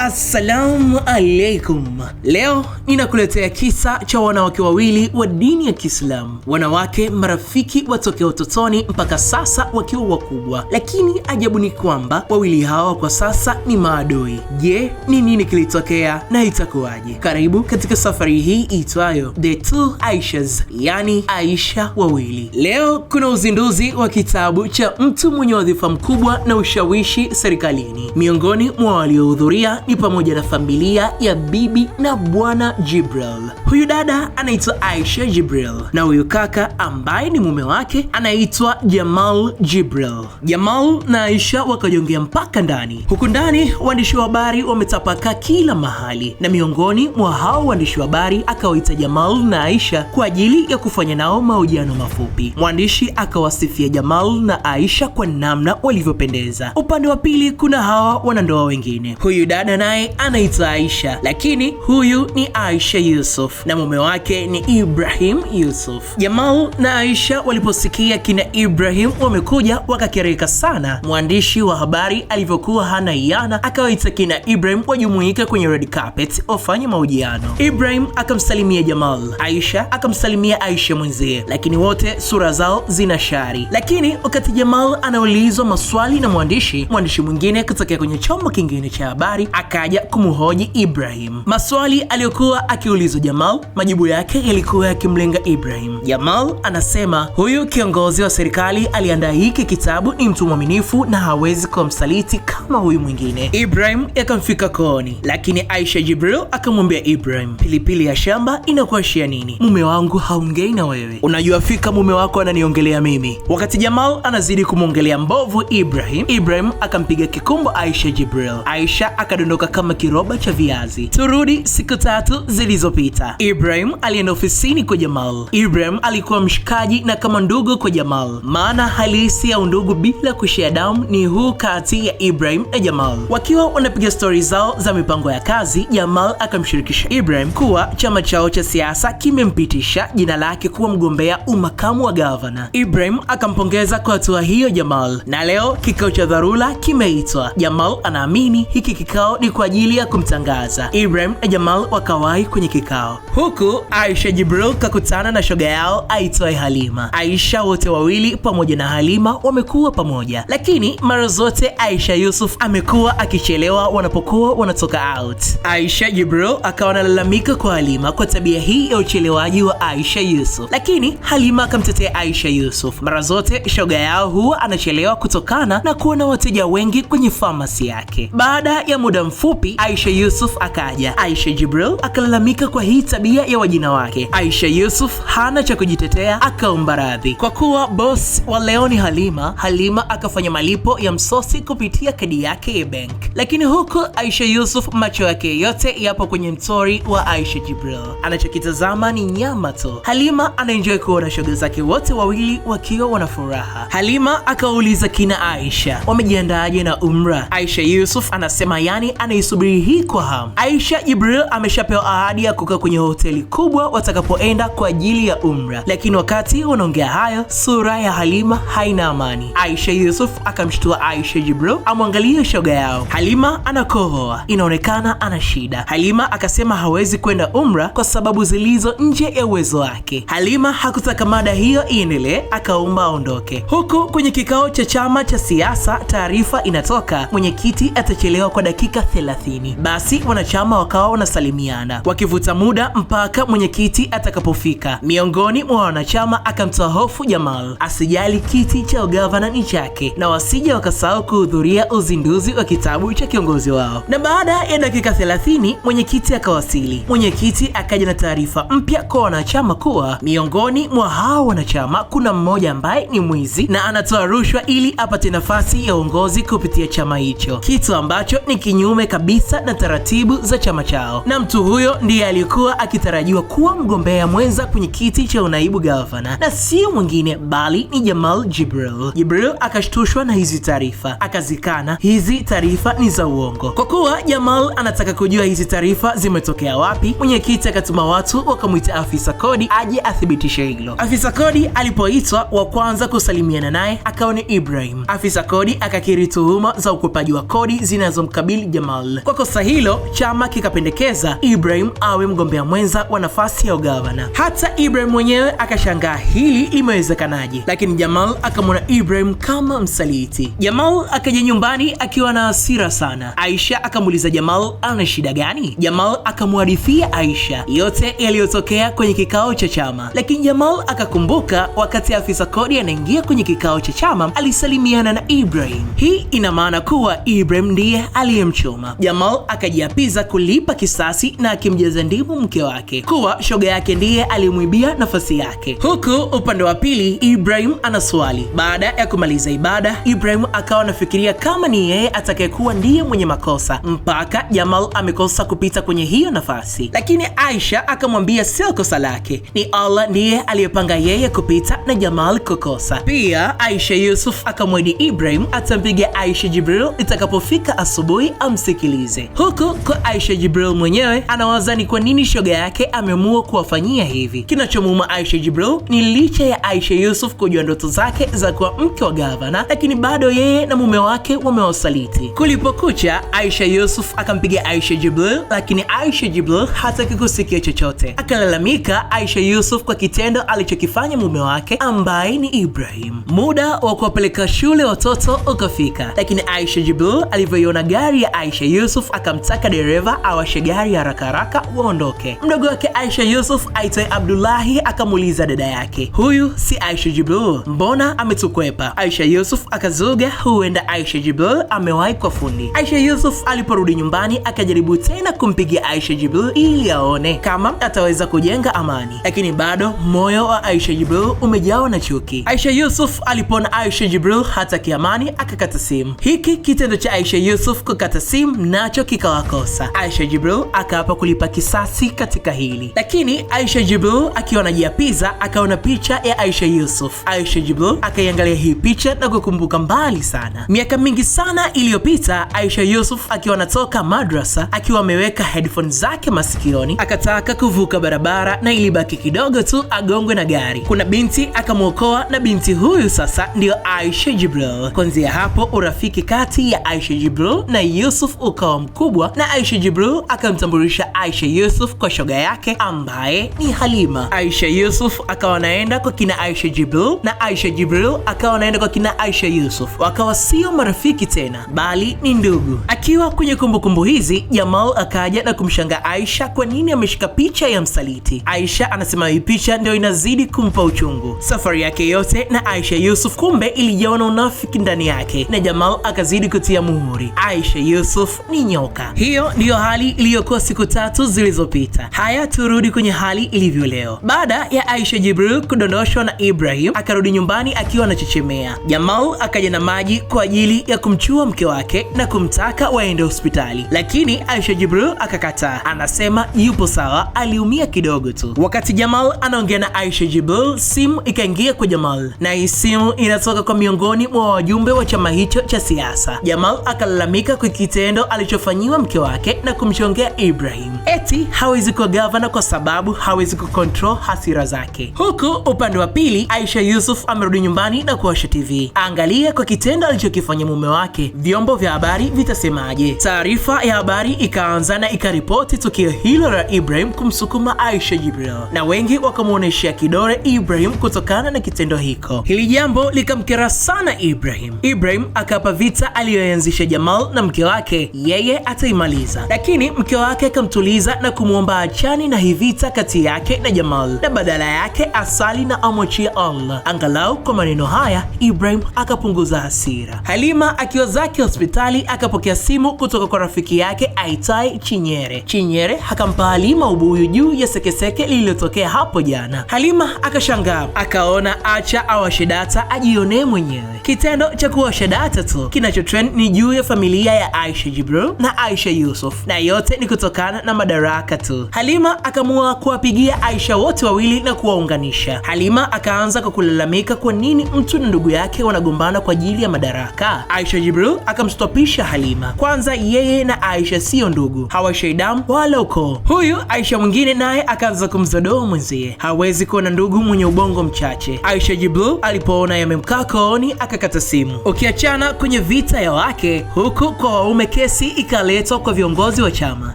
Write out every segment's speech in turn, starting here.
Assalamu alaikum. Leo ninakuletea kisa cha wanawake wawili wa dini ya Kiislamu, wanawake marafiki watokea utotoni mpaka sasa wakiwa wakubwa, lakini ajabu ni kwamba wawili hawa kwa sasa ni maadui. Je, ni nini kilitokea na itakuwaje? Karibu katika safari hii iitwayo The Two Aishas, yani Aisha wawili. Leo kuna uzinduzi wa kitabu cha mtu mwenye wadhifa mkubwa na ushawishi serikalini. Miongoni mwa waliohudhuria ni pamoja na familia ya bibi na bwana Jibril. Huyu dada anaitwa Aisha Jibril na huyu kaka ambaye ni mume wake anaitwa Jamal Jibril. Jamal na Aisha wakajongea mpaka ndani. Huku ndani waandishi wa habari wametapakaa kila mahali, na miongoni mwa hao waandishi wa habari akawaita Jamal na Aisha kwa ajili ya kufanya nao mahojiano mafupi. Mwandishi akawasifia Jamal na Aisha kwa namna walivyopendeza. Upande wa pili kuna hawa wanandoa wengine, huyu dada naye anaitwa Aisha, lakini huyu ni Aisha Yusuf na mume wake ni Ibrahim Yusuf. Jamal na Aisha waliposikia kina Ibrahim wamekuja wakakereka sana. Mwandishi wa habari alivyokuwa hana yana, akawaita kina Ibrahim wajumuike kwenye red carpet wafanye mahojiano. Ibrahim akamsalimia Jamal, Aisha akamsalimia Aisha mwenzie, lakini wote sura zao zina shari. Lakini wakati Jamal anaulizwa maswali na mwandishi, mwandishi mwingine kutokea kwenye chombo kingine cha habari akaja kumhoji Ibrahim. Maswali aliyokuwa akiulizwa Jamal, majibu yake yalikuwa yakimlenga Ibrahim. Jamal anasema huyu kiongozi wa serikali aliandaa hiki kitabu, ni mtu mwaminifu na hawezi kuwa msaliti kama huyu mwingine. Ibrahim yakamfika kooni, lakini Aisha Jibril akamwambia Ibrahim, pilipili ya shamba inakuashia nini? Mume wangu haongei na wewe, unajua fika mume wako ananiongelea mimi. Wakati Jamal anazidi kumwongelea mbovu Ibrahim, Ibrahim akampiga kikumbo Aisha Jibril. Aisha akadondoka aliondoka kama kiroba cha viazi. Turudi siku tatu zilizopita. Ibrahim alienda ofisini kwa Jamal. Ibrahim alikuwa mshikaji na kama ndugu kwa Jamal, maana halisi ya undugu bila kushia damu ni huu kati ya Ibrahim na Jamal. Wakiwa wanapiga stori zao za mipango ya kazi, Jamal akamshirikisha Ibrahim kuwa chama chao cha siasa kimempitisha jina lake kuwa mgombea umakamu wa gavana. Ibrahim akampongeza kwa hatua hiyo Jamal, na leo kikao cha dharura kimeitwa. Jamal anaamini hiki kikao ni kwa ajili ya kumtangaza. Ibrahim na Jamal wakawahi kwenye kikao, huku Aisha Jibril kakutana na shoga yao aitwaye Halima. Aisha wote wawili pamoja na Halima wamekuwa pamoja, lakini mara zote Aisha Yusuf amekuwa akichelewa wanapokuwa wanatoka out. Aisha Jibril akawa analalamika kwa Halima kwa tabia hii ya uchelewaji wa Aisha Yusuf, lakini Halima akamtetea Aisha Yusuf. Mara zote shoga yao huwa anachelewa kutokana na kuwa na wateja wengi kwenye famasi yake. Baada ya muda mfupi Aisha Yusuf akaja. Aisha Jibril akalalamika kwa hii tabia ya wajina wake. Aisha Yusuf hana cha kujitetea, akaomba radhi kwa kuwa boss wa leo ni Halima. Halima akafanya malipo ya msosi kupitia kadi yake ya bank, lakini huku Aisha Yusuf macho yake yote yapo kwenye mtori wa Aisha Jibril, anachokitazama ni nyama tu. Halima anaenjoy kuona shoga zake wote wawili wakiwa wana furaha. Halima akauliza kina Aisha wamejiandaaje na Umra. Aisha Yusuf anasema yani anaisubiri hii kwa hamu. Aisha Jibril ameshapewa ahadi ya kukaa kwenye hoteli kubwa watakapoenda kwa ajili ya umra, lakini wakati wanaongea hayo, sura ya Halima haina amani. Aisha Yusuf akamshtua Aisha Jibril amwangalie shoga yao. Halima anakohoa, inaonekana ana shida. Halima akasema hawezi kwenda umra kwa sababu zilizo nje ya uwezo wake. Halima hakutaka mada hiyo iendelee, akaomba aondoke. Huku kwenye kikao cha chama cha siasa, taarifa inatoka mwenyekiti atachelewa kwa dakika 30. Basi wanachama wakawa wanasalimiana wakivuta muda mpaka mwenyekiti atakapofika. Miongoni mwa wanachama akamtoa hofu Jamal asijali kiti cha ugavana ni chake na wasija wakasahau kuhudhuria uzinduzi wa kitabu cha kiongozi wao. Na baada ya dakika 30 mwenyekiti akawasili. Mwenyekiti akaja na taarifa mpya kwa wanachama kuwa miongoni mwa hao wanachama kuna mmoja ambaye ni mwizi na anatoa rushwa ili apate nafasi ya uongozi kupitia chama hicho, kitu ambacho ni kinyume kinyume kabisa na taratibu za chama chao, na mtu huyo ndiye aliyekuwa akitarajiwa kuwa mgombea mwenza kwenye kiti cha unaibu gavana na sio mwingine bali ni Jamal Jibril. Jibril akashtushwa na hizi taarifa, akazikana hizi taarifa ni za uongo. Kwa kuwa Jamal anataka kujua hizi taarifa zimetokea wapi, mwenyekiti akatuma watu wakamwita afisa kodi aje athibitishe hilo. Afisa kodi alipoitwa, wa kwanza kusalimiana naye akawa ni Ibrahim. Afisa kodi akakiri tuhuma za ukwepaji wa kodi zinazomkabili Jamal Jamal. Kwa kosa hilo, chama kikapendekeza Ibrahim awe mgombea mwenza wa nafasi ya ugavana. Hata Ibrahim mwenyewe akashangaa hili limewezekanaje, lakini Jamal akamwona Ibrahim kama msaliti. Jamal akaja nyumbani akiwa na hasira sana. Aisha akamuuliza Jamal ana shida gani. Jamal akamwadithia Aisha yote yaliyotokea kwenye kikao cha chama, lakini Jamal akakumbuka wakati afisa kodi anaingia kwenye kikao cha chama alisalimiana na Ibrahim. Hii ina maana kuwa Ibrahim ndiye aliyemchoma huruma. Jamal akajiapiza kulipa kisasi na akimjaza ndimu mke wake kuwa shoga yake ndiye alimwibia nafasi yake, huku upande wa pili Ibrahim anaswali. Baada ya kumaliza ibada, Ibrahim akawa anafikiria kama ni yeye atakayekuwa ndiye mwenye makosa, mpaka Jamal amekosa kupita kwenye hiyo nafasi, lakini Aisha akamwambia sio kosa lake, ni Allah ndiye aliyepanga yeye kupita na Jamal kukosa. Pia Aisha Yusuf akamwahidi Ibrahim atampiga Aisha Jibril itakapofika asubuhi amsi tusikilize. Huku kwa Aisha Jibril mwenyewe anawaza ni kwa nini shoga yake ameamua kuwafanyia hivi. Kinachomuuma Aisha Jibril ni licha ya Aisha Yusuf kujua ndoto zake za kuwa mke wa gavana, lakini bado yeye na mume wake wamewasaliti. Kulipokucha, Aisha Yusuf akampiga Aisha Jibril, lakini Aisha Jibril hataki kusikia chochote. Akalalamika Aisha Yusuf kwa kitendo alichokifanya mume wake ambaye ni Ibrahim. Muda wa kuwapeleka shule watoto ukafika, lakini Aisha Jibril alivyoiona gari ya Aisha Aisha Yusuf akamtaka dereva awashe gari haraka haraka waondoke. Mdogo wake Aisha Yusuf aitwaye Abdullahi akamuuliza dada yake, huyu si Aisha Jibril, mbona ametukwepa? Aisha Yusuf akazuga huenda Aisha Jibril amewahi kwa fundi. Aisha Yusuf aliporudi nyumbani akajaribu tena kumpigia Aisha Jibril ili aone kama ataweza kujenga amani, lakini bado moyo wa Aisha Jibril umejawa na chuki. Aisha Yusuf alipona Aisha Jibril hata kiamani akakata simu. Hiki kitendo cha Aisha Yusuf kukata simu kipi nacho kikawakosa? Aisha Jibril akaapa kulipa kisasi katika hili, lakini Aisha Jibril akiwa anajiapiza akaona picha ya Aisha Yusuf. Aisha Jibril akaiangalia hii picha na kukumbuka mbali sana, miaka mingi sana iliyopita, Aisha Yusuf akiwa anatoka madrasa akiwa ameweka headphone zake masikioni, akataka kuvuka barabara na ilibaki kidogo tu agongwe na gari. Kuna binti akamwokoa, na binti huyu sasa ndiyo Aisha Jibril. Kuanzia hapo urafiki kati ya Aisha Jibril na Yusuf ukawa mkubwa na Aisha jibru akamtambulisha Aisha Yusuf kwa shoga yake ambaye ni Halima. Aisha Yusuf akawa anaenda kwa kina Aisha jibru na Aisha jibru akawa anaenda kwa kina Aisha Yusuf, wakawa sio marafiki tena bali ni ndugu. Akiwa kwenye kumbukumbu hizi, Jamal akaja na kumshanga Aisha kwa nini ameshika picha ya msaliti. Aisha anasema hii picha ndio inazidi kumpa uchungu. Safari yake yote na Aisha Yusuf kumbe ilijawa na unafiki ndani yake, na Jamal akazidi kutia muhuri Aisha Yusuf Yusuf ni nyoka. Hiyo ndiyo hali iliyokuwa siku tatu zilizopita. Haya, turudi kwenye hali ilivyo leo. Baada ya Aisha Jibril kudondoshwa na Ibrahim, akarudi nyumbani akiwa anachechemea. Jamal akaja na maji kwa ajili ya kumchua mke wake na kumtaka waende hospitali, lakini Aisha Jibril akakataa, anasema yupo sawa, aliumia kidogo tu. Wakati Jamal anaongea na Aisha Jibril, simu ikaingia kwa Jamal na hii simu inatoka kwa miongoni mwa wajumbe wa chama hicho cha siasa. Jamal akalalamika kite kitendo alichofanyiwa mke wake na kumchongea Ibrahim eti hawezi kuwa gavana kwa sababu hawezi kukontrol hasira zake. Huku upande wa pili, Aisha Yusuf amerudi nyumbani na kuwasha TV. Angalia kwa kitendo alichokifanya mume wake, vyombo vya habari vitasemaje? Taarifa ya habari ikaanza na ikaripoti tukio hilo la Ibrahim kumsukuma Aisha Jibril, na wengi wakamwonyeshea kidole Ibrahim kutokana na kitendo hiko. Hili jambo likamkera sana Ibrahim. Ibrahim akapa vita aliyoanzisha Jamal na mke wake yake yeye ataimaliza, lakini mke wake akamtuliza na kumwomba achani na hivita kati yake na Jamal na badala yake asali na amwachie Allah. Angalau kwa maneno haya Ibrahim akapunguza hasira. Halima akiwa zake hospitali akapokea simu kutoka kwa rafiki yake aitai Chinyere. Chinyere akampa Halima ubuyu juu ya sekeseke lililotokea hapo jana. Halima akashangaa, akaona acha awashe data ajionee mwenyewe. Kitendo cha kuwasha data tu kinachotrend ni juu ya familia ya Aisha Aisha Jibro na Aisha Yusuf, na yote ni kutokana na madaraka tu. Halima akamua kuwapigia Aisha wote wawili na kuwaunganisha. Halima akaanza kwa kulalamika kwa nini mtu na ndugu yake wanagombana kwa ajili ya madaraka. Aisha Jibro akamstopisha Halima, kwanza yeye na Aisha siyo ndugu, hawashaidamu wala ukoo. Huyu Aisha mwingine naye akaanza kumzodoa mwenzie, hawezi kuwa na ndugu mwenye ubongo mchache. Aisha Jibro alipoona yamemkaa kooni akakata simu. Ukiachana kwenye vita ya wake huku kwa waume kesi ikaletwa kwa viongozi wa chama.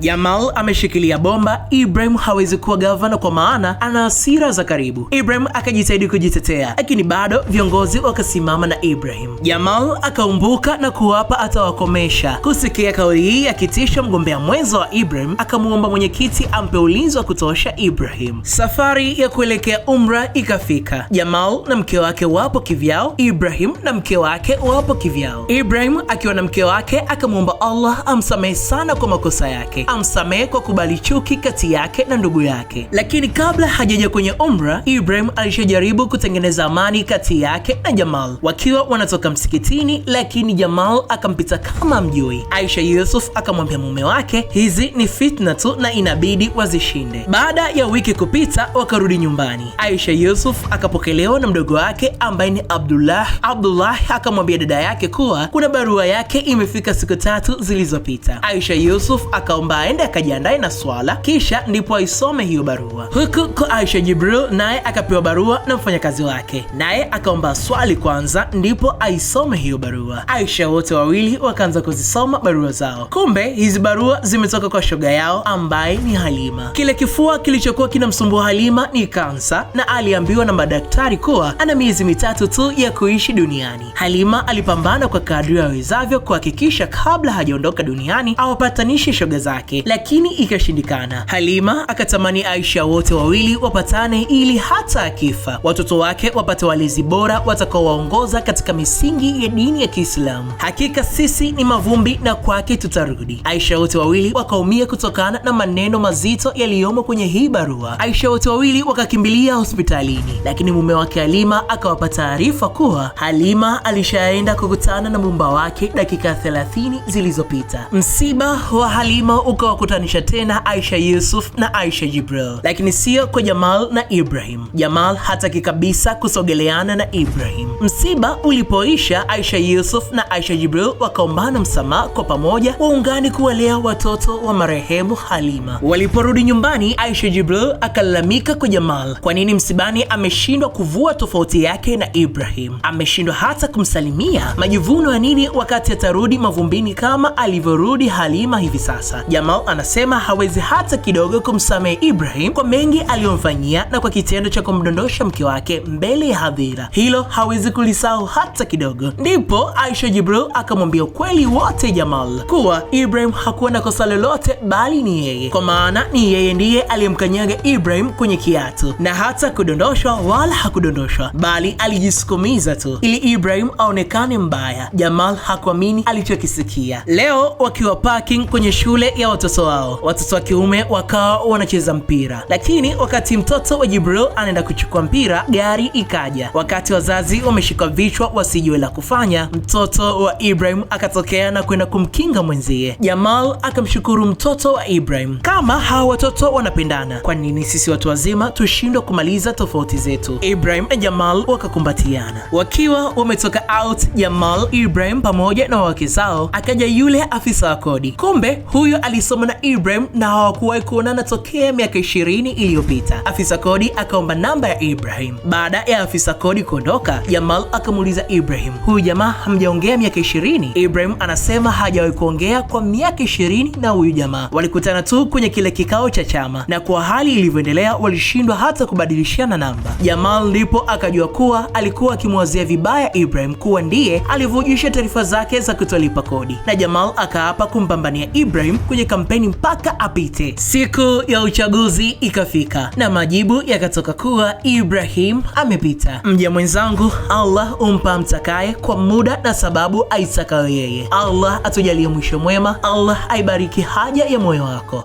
Jamal ameshikilia bomba, Ibrahim hawezi kuwa gavana kwa maana ana hasira za karibu. Ibrahim akajitahidi kujitetea, lakini bado viongozi wakasimama na Ibrahim. Jamal akaumbuka na kuwapa atawakomesha. Kusikia kauli hii ya kitisho, mgombea mwenza wa Ibrahim akamwomba mwenyekiti ampe ulinzi wa kutosha Ibrahim. Safari ya kuelekea Umra ikafika. Jamal na mke wake wapo kivyao, Ibrahim na mke wake wapo kivyao. Ibrahim akiwa na mke wake akamwomba Allah amsamehe sana kwa makosa yake, amsamehe kwa kubali chuki kati yake na ndugu yake. Lakini kabla hajaja kwenye umra, Ibrahim alishajaribu kutengeneza amani kati yake na Jamal wakiwa wanatoka msikitini, lakini Jamal akampita kama mjui. Aisha Yusuf akamwambia mume wake hizi ni fitna tu na inabidi wazishinde. Baada ya wiki kupita, wakarudi nyumbani. Aisha Yusuf akapokelewa na mdogo wake ambaye ni Abdullah. Abdullah akamwambia dada yake kuwa kuna barua yake imefika siku tatu zilizopita. Aisha Yusuf akaomba aende akajiandae na swala, kisha ndipo aisome hiyo barua, huku kwa Aisha Jibril naye akapewa barua na mfanyakazi wake, naye akaomba swali kwanza, ndipo aisome hiyo barua. Aisha wote wawili wakaanza kuzisoma barua zao. Kumbe hizi barua zimetoka kwa shoga yao ambaye ni Halima. Kile kifua kilichokuwa kinamsumbua Halima ni kansa, na aliambiwa na madaktari kuwa ana miezi mitatu tu ya kuishi duniani. Halima alipambana kwa kadri awezavyo kuhakikisha kabla hajaondoka duniani awapatanishe shoga zake, lakini ikashindikana. Halima akatamani Aisha wote wawili wapatane, ili hata akifa watoto wake wapate walezi bora watakaowaongoza katika misingi ya dini ya Kiislamu. Hakika sisi ni mavumbi na kwake tutarudi. Aisha wote wawili wakaumia kutokana na maneno mazito yaliyomo kwenye hii barua. Aisha wote wawili wakakimbilia hospitalini, lakini mume wake Halima akawapa taarifa kuwa Halima alishaenda kukutana na mumba wake dakika 30 zilizo zilizopita. Msiba wa Halima ukawakutanisha tena Aisha Yusuf na Aisha Jibril, lakini sio kwa Jamal na Ibrahim. Jamal hataki kabisa kusogeleana na Ibrahim. Msiba ulipoisha, Aisha Yusuf na Aisha Jibril wakaombana msamaha kwa pamoja waungane kuwalea watoto wa marehemu Halima. Waliporudi nyumbani, Aisha Jibril akalalamika kwa Jamal, kwa nini msibani ameshindwa kuvua tofauti yake na Ibrahim, ameshindwa hata kumsalimia. Majivuno ya nini wakati atarudi mavumbini kama kama alivyorudi Halima hivi sasa. Jamal anasema hawezi hata kidogo kumsamehe Ibrahim kwa mengi aliyomfanyia na kwa kitendo cha kumdondosha mke wake mbele ya hadhira, hilo hawezi kulisahau hata kidogo. Ndipo Aisha Jibril akamwambia ukweli wote Jamal kuwa Ibrahim hakuwa na kosa lolote, bali ni yeye, kwa maana ni yeye ndiye aliyemkanyaga Ibrahim kwenye kiatu na hata kudondoshwa wala hakudondoshwa, bali alijisukumiza tu ili Ibrahim aonekane mbaya. Jamal hakuamini alichokisikia. Leo wakiwa parking kwenye shule ya watoto wao, watoto wa kiume wakawa wanacheza mpira, lakini wakati mtoto wa Jibril anaenda kuchukua mpira, gari ikaja. Wakati wazazi wameshika vichwa wasijue la kufanya, mtoto wa Ibrahim akatokea na kwenda kumkinga mwenzie. Jamal akamshukuru mtoto wa Ibrahim, kama hawa watoto wanapendana, kwa nini sisi watu wazima tushindwa kumaliza tofauti zetu? Ibrahim na Jamal wakakumbatiana. Wakiwa wametoka out, Jamal Ibrahim pamoja na wake zao akaja yule afisa wa kodi. Kumbe huyo alisoma na Ibrahim na hawakuwahi kuonana tokea miaka ishirini iliyopita. Afisa kodi akaomba namba ya Ibrahim. Baada ya afisa kodi kuondoka, Jamal akamuuliza Ibrahim, huyu jamaa hamjaongea miaka ishirini? Ibrahim anasema hajawahi kuongea kwa miaka ishirini na huyu jamaa, walikutana tu kwenye kile kikao cha chama, na kwa hali ilivyoendelea walishindwa hata kubadilishana namba. Jamal ndipo akajua kuwa alikuwa akimwazia vibaya Ibrahim kuwa ndiye alivujisha taarifa zake za kutolipa kodi na Jamal akaapa kumpambania Ibrahim kwenye kampeni mpaka apite. Siku ya uchaguzi ikafika na majibu yakatoka kuwa Ibrahim amepita. Mja mwenzangu, Allah umpa mtakaye kwa muda na sababu aitakayo yeye. Allah atujalie mwisho mwema. Allah aibariki haja ya moyo wako.